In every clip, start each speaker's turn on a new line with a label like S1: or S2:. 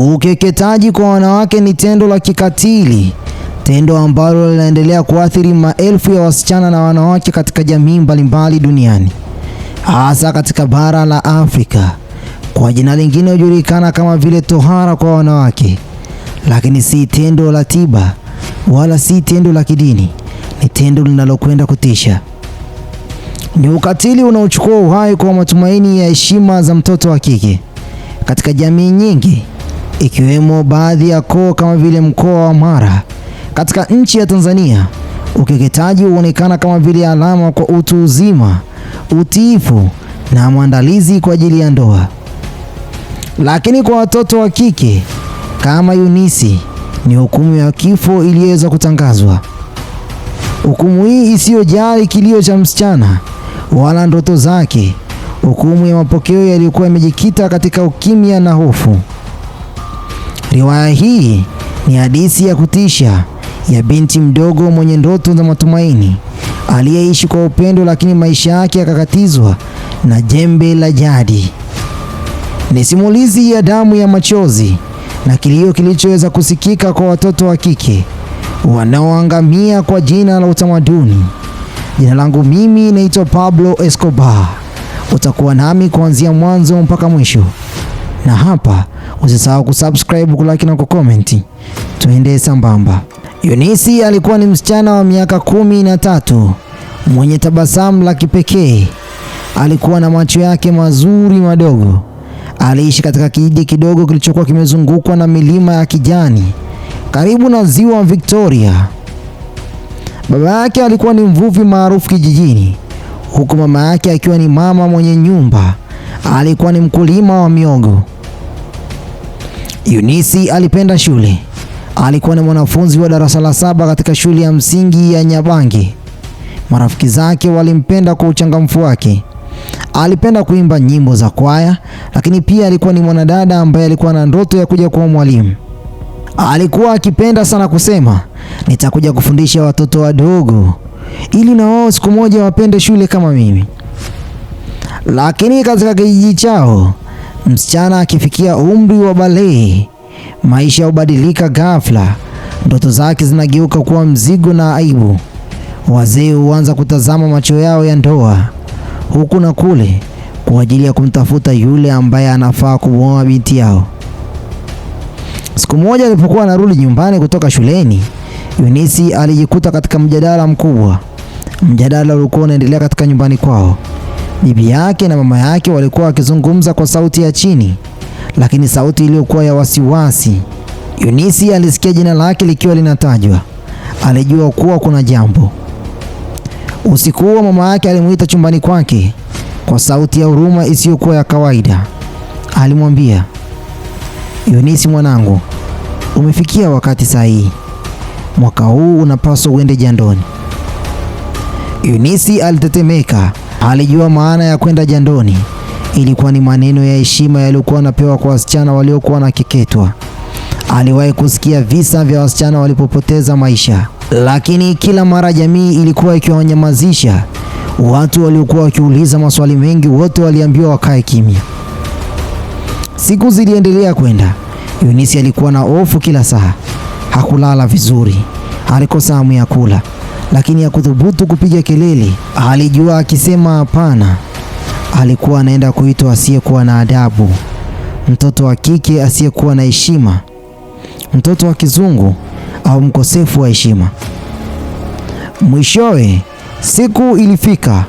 S1: Ukeketaji kwa wanawake ni tendo la kikatili, tendo ambalo linaendelea kuathiri maelfu ya wasichana na wanawake katika jamii mbalimbali duniani, hasa katika bara la Afrika. Kwa jina lingine hujulikana kama vile tohara kwa wanawake, lakini si tendo la tiba wala si tendo la kidini, ni tendo linalokwenda kutisha. Ni ukatili unaochukua uhai kwa matumaini ya heshima za mtoto wa kike. Katika jamii nyingi ikiwemo baadhi ya koo kama vile mkoa wa Mara. Katika nchi ya Tanzania, ukeketaji huonekana kama vile alama kwa utu uzima, utiifu na maandalizi kwa ajili ya ndoa. Lakini kwa watoto wa kike kama Yunisi ni hukumu ya kifo iliyoweza kutangazwa. Hukumu hii isiyojali kilio cha msichana wala ndoto zake, hukumu ya mapokeo yaliyokuwa yamejikita katika ukimya na hofu. Riwaya hii ni hadithi ya kutisha ya binti mdogo mwenye ndoto za matumaini aliyeishi kwa upendo, lakini maisha yake yakakatizwa na jembe la jadi. Ni simulizi ya damu ya machozi na kilio kilichoweza kusikika kwa watoto wa kike wanaoangamia kwa jina la utamaduni. Jina langu mimi naitwa Pablo Escobar. Utakuwa nami kuanzia mwanzo mpaka mwisho na hapa usisahau kusubscribe, kulike na kukomenti, tuende sambamba. Yunisi alikuwa ni msichana wa miaka kumi na tatu mwenye tabasamu la kipekee. Alikuwa na macho yake mazuri madogo. Aliishi katika kijiji kidogo kilichokuwa kimezungukwa na milima ya kijani karibu na ziwa Victoria. Baba yake alikuwa ni mvuvi maarufu kijijini, huku mama yake akiwa ni mama mwenye nyumba. Alikuwa ni mkulima wa miogo. Yunisi alipenda shule. Alikuwa ni mwanafunzi wa darasa la saba katika shule ya msingi ya Nyabangi. Marafiki zake walimpenda kwa uchangamfu wake. Alipenda kuimba nyimbo za kwaya, lakini pia alikuwa ni mwanadada ambaye alikuwa na ndoto ya kuja kuwa mwalimu. Alikuwa akipenda sana kusema, nitakuja kufundisha watoto wadogo ili na wao siku moja wapende shule kama mimi. Lakini katika kijiji chao Msichana akifikia umri wa balehe, maisha hubadilika ghafla. Ndoto zake zinageuka kuwa mzigo na aibu. Wazee huanza kutazama macho yao ya ndoa huku na kule kwa ajili ya kumtafuta yule ambaye anafaa kumwoa binti yao. Siku moja alipokuwa anarudi nyumbani kutoka shuleni, Yunisi alijikuta katika mjadala mkubwa. Mjadala ulikuwa unaendelea katika nyumbani kwao. Bibi yake na mama yake walikuwa wakizungumza kwa sauti ya chini, lakini sauti iliyokuwa ya wasiwasi. Yunisi alisikia jina lake likiwa linatajwa, alijua kuwa kuna jambo. Usiku huo mama yake alimuita chumbani kwake kwa sauti ya huruma isiyokuwa ya kawaida. Alimwambia, Yunisi mwanangu, umefikia wakati sahihi. Mwaka huu unapaswa uende jandoni. Yunisi alitetemeka. Alijua maana ya kwenda jandoni. Ilikuwa ni maneno ya heshima yaliyokuwa anapewa kwa wasichana waliokuwa na Aliwahi kusikia visa vya wasichana walipopoteza maisha, lakini kila mara jamii ilikuwa ikiwanyamazisha. Watu waliokuwa wakiuliza maswali mengi, wote waliambiwa wakae kimya. Siku ziliendelea kwenda. Yunisi alikuwa na hofu kila saa. Hakulala vizuri, alikosa hamu ya kula lakini hakuthubutu kupiga kelele. Alijua akisema hapana, alikuwa anaenda kuitwa asiyekuwa na adabu, mtoto wa kike asiyekuwa na heshima, mtoto wa kizungu au mkosefu wa heshima. Mwishowe siku ilifika,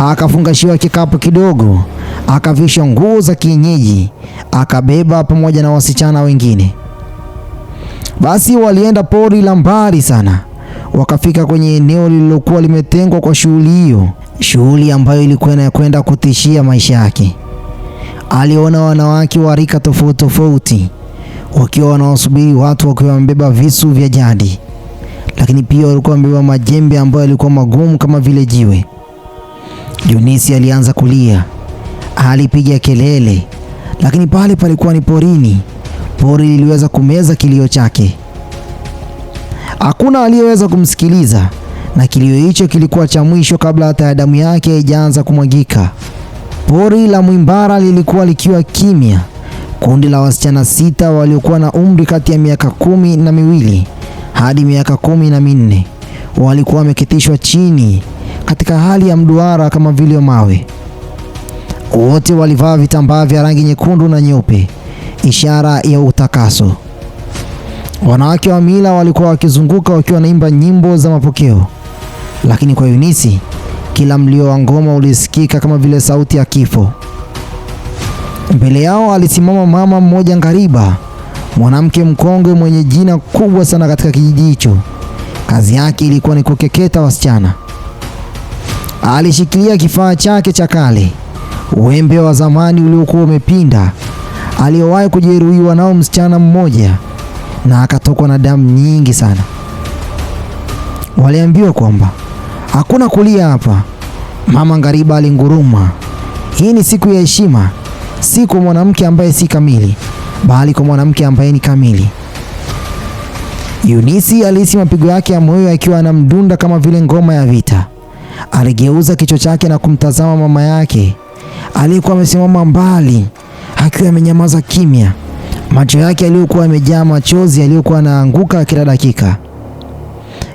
S1: akafungashiwa kikapu kidogo, akavishwa nguo za kienyeji, akabeba pamoja na wasichana wengine. Basi walienda pori la mbali sana wakafika kwenye eneo lililokuwa limetengwa kwa shughuli hiyo, shughuli ambayo ilikuwa inakwenda kutishia maisha yake. Aliona wanawake wa rika tofauti tofauti wakiwa wanawasubiri watu, wakiwa wamebeba visu vya jadi, lakini pia walikuwa wamebeba majembe ambayo yalikuwa magumu kama vile jiwe. Junisi alianza kulia, alipiga kelele, lakini pale palikuwa ni porini. Pori liliweza kumeza kilio chake. Hakuna aliyeweza kumsikiliza, na kilio hicho kilikuwa cha mwisho kabla hata ya damu yake haijaanza kumwagika. Pori la Mwimbara lilikuwa likiwa kimya. Kundi la wasichana sita waliokuwa na umri kati ya miaka kumi na miwili hadi miaka kumi na minne walikuwa wameketishwa chini katika hali ya mduara kama vile mawe. Wote walivaa vitambaa vya rangi nyekundu na nyeupe, ishara ya utakaso. Wanawake wa mila walikuwa wakizunguka wakiwa wanaimba nyimbo za mapokeo, lakini kwa Yunisi kila mlio wa ngoma ulisikika kama vile sauti ya kifo. Mbele yao alisimama mama mmoja ngariba, mwanamke mkongwe mwenye jina kubwa sana katika kijiji hicho. Kazi yake ilikuwa ni kukeketa wasichana. Alishikilia kifaa chake cha kale, wembe wa zamani uliokuwa umepinda, aliyowahi kujeruhiwa nao msichana mmoja na akatokwa na damu nyingi sana. Waliambiwa kwamba hakuna kulia hapa. Mama Ngariba alinguruma. Hii ni siku ya heshima, si kwa mwanamke ambaye si kamili, bali kwa mwanamke ambaye ni kamili. Yunisi alihisi mapigo yake ya moyo akiwa anamdunda kama vile ngoma ya vita. Aligeuza kichwa chake na kumtazama mama yake aliyekuwa amesimama mbali, akiwa amenyamaza kimya macho yake yaliyokuwa yamejaa machozi yaliyokuwa yanaanguka kila dakika.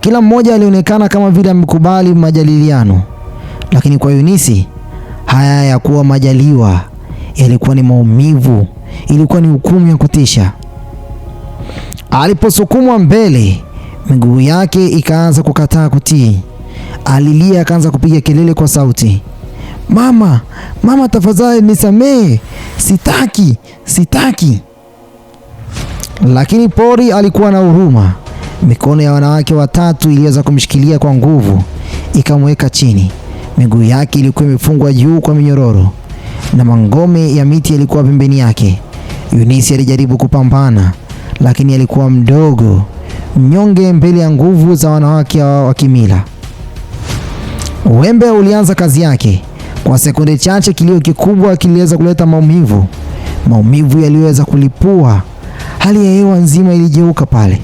S1: Kila mmoja alionekana kama vile amekubali majadiliano, lakini kwa Yunisi haya ya kuwa majaliwa, yalikuwa ni maumivu, ilikuwa ni hukumu ya kutisha. Aliposukumwa mbele, miguu yake ikaanza kukataa kutii. Alilia, akaanza kupiga kelele kwa sauti, mama, mama, tafadhali nisamehe, sitaki, sitaki. Lakini Pori alikuwa na huruma. Mikono ya wanawake watatu iliweza kumshikilia kwa nguvu, ikamweka chini. Miguu yake ilikuwa imefungwa juu kwa minyororo na mangome ya miti yalikuwa pembeni yake. Yunisi alijaribu kupambana, lakini alikuwa mdogo, mnyonge mbele ya nguvu za wanawake wa kimila. Wembe ulianza kazi yake. Kwa sekunde chache, kilio kikubwa kiliweza kuleta maumivu, maumivu yaliweza kulipua Hali ya hewa nzima ilijeuka pale,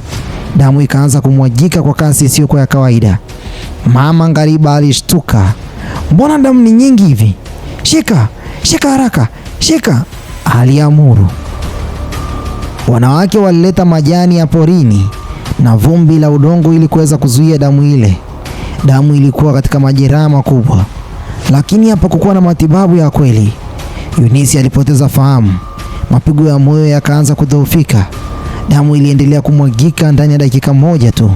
S1: damu ikaanza kumwagika kwa kasi isiyokuwa ya kawaida. Mama Ngariba alishtuka, mbona damu ni nyingi hivi? Shika, shika haraka, shika, aliamuru. Wanawake walileta majani ya porini na vumbi la udongo ili kuweza kuzuia damu ile. Damu ilikuwa katika majeraha makubwa, lakini hapakukuwa na matibabu ya kweli. Yunisi alipoteza fahamu. Mapigo ya moyo yakaanza kudhoofika. Damu iliendelea kumwagika ndani ya dakika moja tu,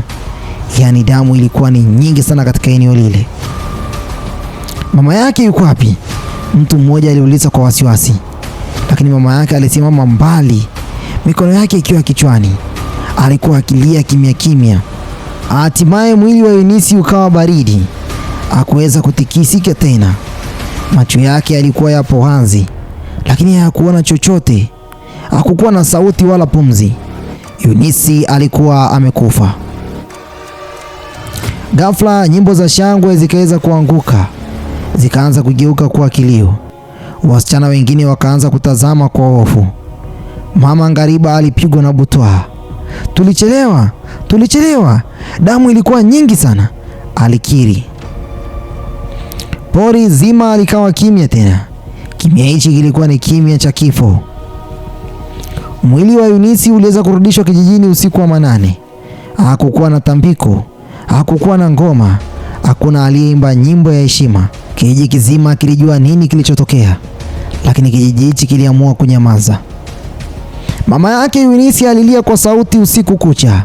S1: yaani damu ilikuwa ni nyingi sana katika eneo lile. Mama yake yuko wapi? Mtu mmoja aliuliza kwa wasiwasi, lakini mama yake alisimama mbali, mikono yake ikiwa kichwani. Alikuwa akilia kimya kimya. Hatimaye mwili wa Yunisi ukawa baridi, hakuweza kutikisika tena. Macho yake yalikuwa yapo wazi lakini hakuona chochote, hakukuwa na sauti wala pumzi. Yunisi alikuwa amekufa. Ghafla nyimbo za shangwe zikaweza kuanguka, zikaanza kugeuka kuwa kilio. Wasichana wengine wakaanza kutazama kwa hofu. Mama Ngariba alipigwa na butwaa. Tulichelewa, tulichelewa, damu ilikuwa nyingi sana, alikiri. Pori zima likawa kimya tena. Kimya hichi kilikuwa ni kimya cha kifo. Mwili wa Yunisi uliweza kurudishwa kijijini usiku wa manane. Hakukuwa na tambiko, hakukuwa na ngoma, hakuna aliyeimba nyimbo ya heshima. Kijiji kizima kilijua nini kilichotokea, lakini kijiji hichi kiliamua kunyamaza. Mama yake Yunisi alilia kwa sauti usiku kucha.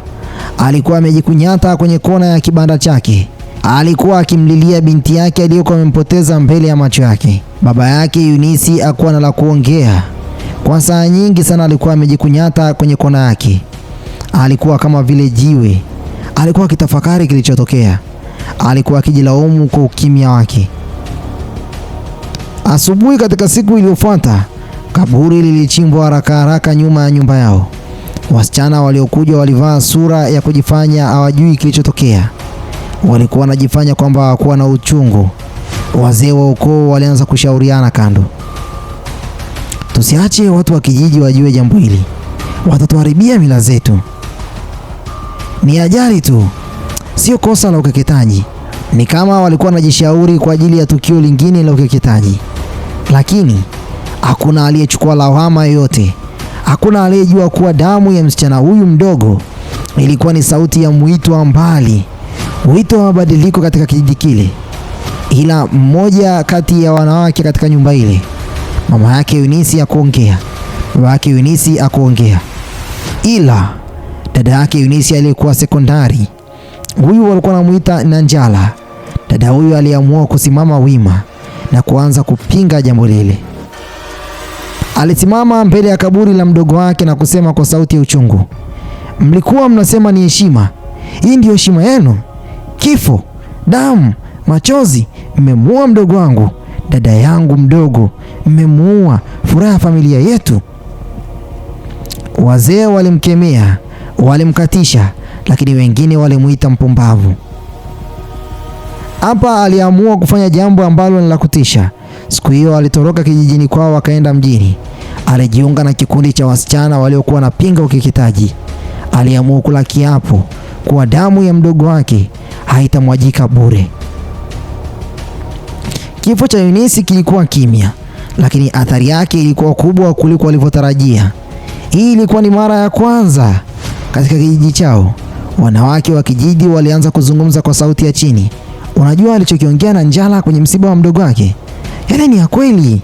S1: Alikuwa amejikunyata kwenye kona ya kibanda chake, alikuwa akimlilia binti yake aliyokuwa amempoteza mbele ya macho yake. Baba yake Yunisi akuwa na la kuongea kwa saa nyingi sana, alikuwa amejikunyata kwenye kona yake, alikuwa kama vile jiwe. Alikuwa akitafakari kilichotokea, alikuwa akijilaumu kwa ukimya wake. Asubuhi katika siku iliyofuata, kaburi lilichimbwa haraka haraka nyuma ya nyumba yao. Wasichana waliokuja walivaa sura ya kujifanya hawajui kilichotokea walikuwa wanajifanya kwamba hawakuwa na uchungu. Wazee wa ukoo walianza kushauriana kando, tusiache watu wa kijiji wajue jambo hili, watatuharibia mila zetu. Ni ajali tu, sio kosa la ukeketaji. Ni kama walikuwa wanajishauri kwa ajili ya tukio lingine la ukeketaji, lakini hakuna aliyechukua lawama yoyote. Hakuna aliyejua kuwa damu ya msichana huyu mdogo ilikuwa ni sauti ya mwito wa mbali wito wa mabadiliko katika kijiji kile, ila mmoja kati ya wanawake katika nyumba ile, mama yake Yunisi akuongea baba yake Yunisi akuongea ila dada yake Yunisi aliyekuwa sekondari, huyu walikuwa wanamuita Nanjala. Dada huyu aliamua kusimama wima na kuanza kupinga jambo lile. Alisimama mbele ya kaburi la mdogo wake na kusema kwa sauti ya uchungu, mlikuwa mnasema ni heshima, hii ndiyo heshima yenu? kifo, damu, machozi. Mmemuua mdogo wangu, dada yangu mdogo, mmemuua furaha ya familia yetu. Wazee walimkemea, walimkatisha, lakini wengine walimuita mpumbavu. Hapa aliamua kufanya jambo ambalo ni la kutisha. Siku hiyo alitoroka kijijini kwao, akaenda mjini. Alijiunga na kikundi cha wasichana waliokuwa na pinga ukeketaji. Aliamua kula kiapo kuwa damu ya mdogo wake haitamwajika bure. Kifo cha Yunisi kilikuwa kimya, lakini athari yake ilikuwa kubwa kuliko walivyotarajia. Hii ilikuwa ni mara ya kwanza katika kijiji chao. Wanawake wa kijiji walianza kuzungumza kwa sauti ya chini. Unajua alichokiongea na Njala kwenye msiba wa mdogo wake, yale yaani ni ya kweli.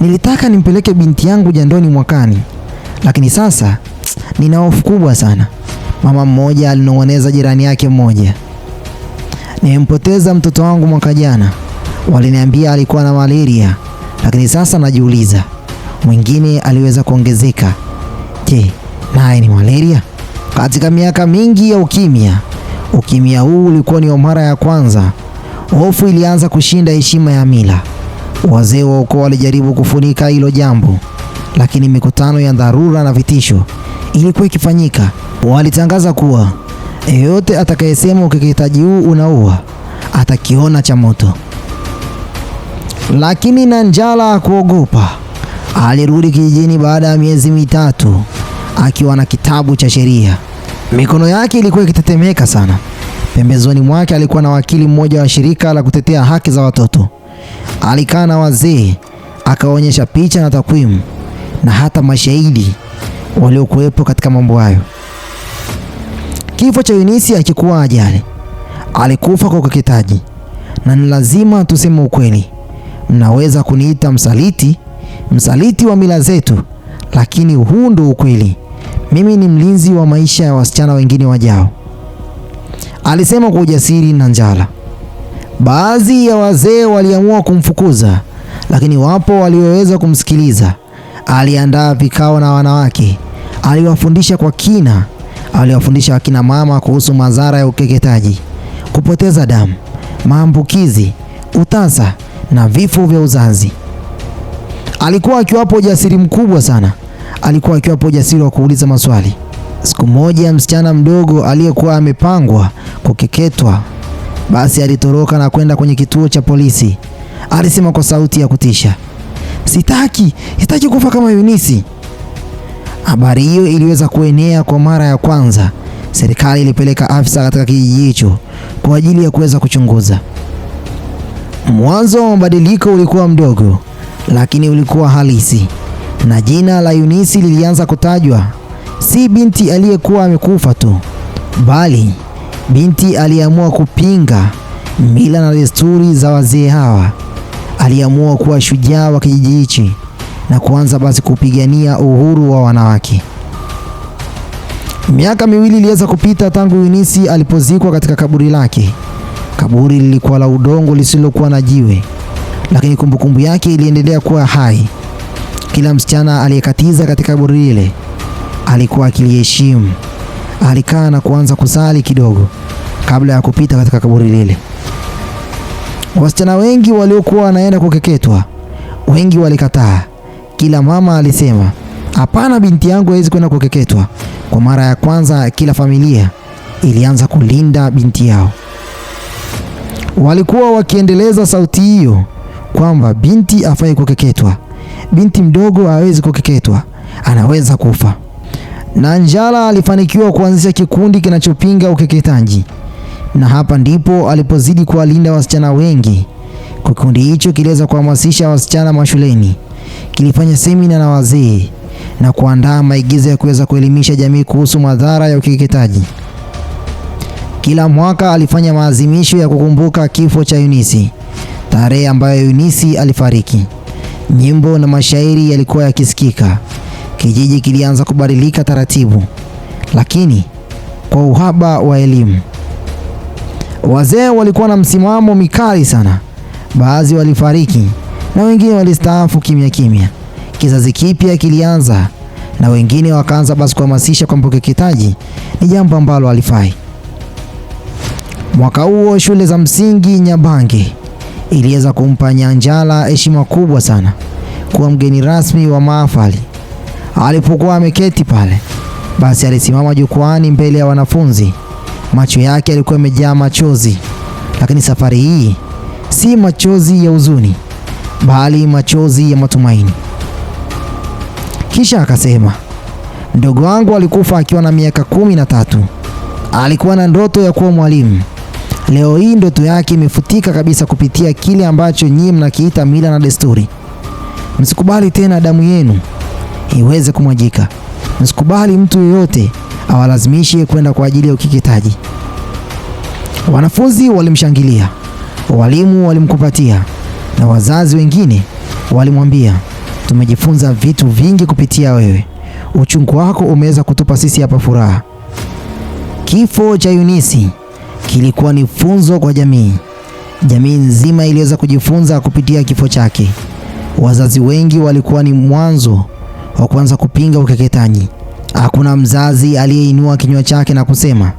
S1: Nilitaka nimpeleke binti yangu jandoni mwakani, lakini sasa nina hofu kubwa sana. Mama mmoja alinong'oneza jirani yake mmoja, nimempoteza mtoto wangu mwaka jana, waliniambia alikuwa na malaria, lakini sasa najiuliza. Mwingine aliweza kuongezeka, je, naye ni malaria? Katika miaka mingi ya ukimya, ukimya huu ulikuwa ni mara ya kwanza. Hofu ilianza kushinda heshima ya mila. Wazee wa ukoo walijaribu kufunika hilo jambo, lakini mikutano ya dharura na vitisho ilikuwa ikifanyika. Walitangaza kuwa yeyote atakayesema ukeketaji huu unaua atakiona cha moto. Lakini Nanjala hakuogopa. Alirudi kijijini baada ya miezi mitatu akiwa na kitabu cha sheria. Mikono yake ilikuwa ikitetemeka sana. Pembezoni mwake alikuwa na wakili mmoja wa shirika la kutetea haki za watoto. Alikaa na wazee, akaonyesha picha na takwimu na hata mashahidi waliokuwepo katika mambo hayo. Kifo cha Yunisi hakikuwa ajali, alikufa kwa ukeketaji, na ni lazima tuseme ukweli. Mnaweza kuniita msaliti, msaliti wa mila zetu, lakini huu ndo ukweli. Mimi ni mlinzi wa maisha ya wasichana wengine wajao, alisema kwa ujasiri na njala. Baadhi ya wazee waliamua kumfukuza, lakini wapo walioweza kumsikiliza. Aliandaa vikao na wanawake, aliwafundisha kwa kina aliwafundisha akina mama kuhusu madhara ya ukeketaji, kupoteza damu, maambukizi, utasa na vifo vya uzazi. Alikuwa akiwapo ujasiri mkubwa sana, alikuwa akiwapo ujasiri wa kuuliza maswali. Siku moja msichana mdogo aliyekuwa amepangwa kukeketwa basi alitoroka na kwenda kwenye kituo cha polisi. Alisema kwa sauti ya kutisha, sitaki, sitaki kufa kama Yunisi. Habari hiyo iliweza kuenea kwa mara ya kwanza. Serikali ilipeleka afisa katika kijiji hicho kwa ajili ya kuweza kuchunguza. Mwanzo wa mabadiliko ulikuwa mdogo, lakini ulikuwa halisi, na jina la Yunisi lilianza kutajwa, si binti aliyekuwa amekufa tu, bali binti aliyeamua kupinga mila na desturi za wazee hawa. Aliamua kuwa shujaa wa kijiji hichi na kuanza basi kupigania uhuru wa wanawake. Miaka miwili iliweza kupita tangu Yunisi alipozikwa katika kaburi lake. Kaburi lilikuwa la udongo lisilokuwa na jiwe, lakini kumbukumbu yake iliendelea kuwa hai. Kila msichana aliyekatiza katika kaburi lile alikuwa akiliheshimu. Alikaa na kuanza kusali kidogo kabla ya kupita katika kaburi lile. Wasichana wengi waliokuwa wanaenda kukeketwa, wengi walikataa, kila mama alisema, hapana, binti yangu hawezi kwenda kukeketwa. Kwa mara ya kwanza, kila familia ilianza kulinda binti yao. Walikuwa wakiendeleza sauti hiyo kwamba binti afai kukeketwa, binti mdogo hawezi kukeketwa, anaweza kufa. na Njala alifanikiwa kuanzisha kikundi kinachopinga ukeketaji, na hapa ndipo alipozidi kuwalinda wasichana wengi. Kikundi hicho kiliweza kuhamasisha wasichana mashuleni kilifanya semina na wazee na kuandaa maigizo ya kuweza kuelimisha jamii kuhusu madhara ya ukeketaji. Kila mwaka alifanya maazimisho ya kukumbuka kifo cha Yunisi, tarehe ambayo Yunisi alifariki. Nyimbo na mashairi yalikuwa yakisikika. Kijiji kilianza kubadilika taratibu, lakini kwa uhaba wa elimu. Wazee walikuwa na msimamo mikali sana, baadhi walifariki na wengine walistaafu kimya kimya. Kizazi kipya kilianza na wengine wakaanza basi kuhamasisha kwamba ukeketaji ni jambo ambalo halifai. Mwaka huo shule za msingi Nyabange iliweza kumpa Nyanjala heshima kubwa sana kuwa mgeni rasmi wa mahafali. Alipokuwa ameketi pale, basi alisimama jukwaani mbele ya wanafunzi, macho yake yalikuwa yamejaa machozi, lakini safari hii si machozi ya huzuni, bali machozi ya matumaini. Kisha akasema, mdogo wangu alikufa akiwa na miaka kumi na tatu. Alikuwa na ndoto ya kuwa mwalimu. Leo hii ndoto yake imefutika kabisa kupitia kile ambacho nyinyi mnakiita mila na desturi. Msikubali tena damu yenu iweze kumwajika. Msikubali mtu yeyote awalazimishe kwenda kwa ajili ya ukikitaji. Wanafunzi walimshangilia, walimu walimkupatia na wazazi wengine walimwambia, tumejifunza vitu vingi kupitia wewe. Uchungu wako umeweza kutupa sisi hapa furaha. Kifo cha Yunisi kilikuwa ni funzo kwa jamii. Jamii nzima iliweza kujifunza kupitia kifo chake. Wazazi wengi walikuwa ni mwanzo wa kuanza kupinga ukeketaji. Hakuna mzazi aliyeinua kinywa chake na kusema,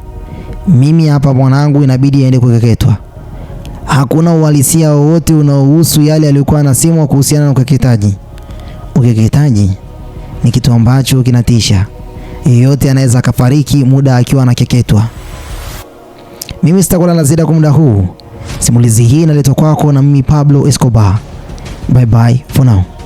S1: mimi hapa mwanangu inabidi aende kukeketwa hakuna uhalisia wowote unaohusu yale aliyokuwa anasemwa kuhusiana na ukeketaji. Ukeketaji ni kitu ambacho kinatisha, yeyote anaweza akafariki muda akiwa anakeketwa. Mimi sitakula na zaidi kwa muda huu. Simulizi hii inaletwa kwako na mimi Pablo Escobar. Bye bye for now.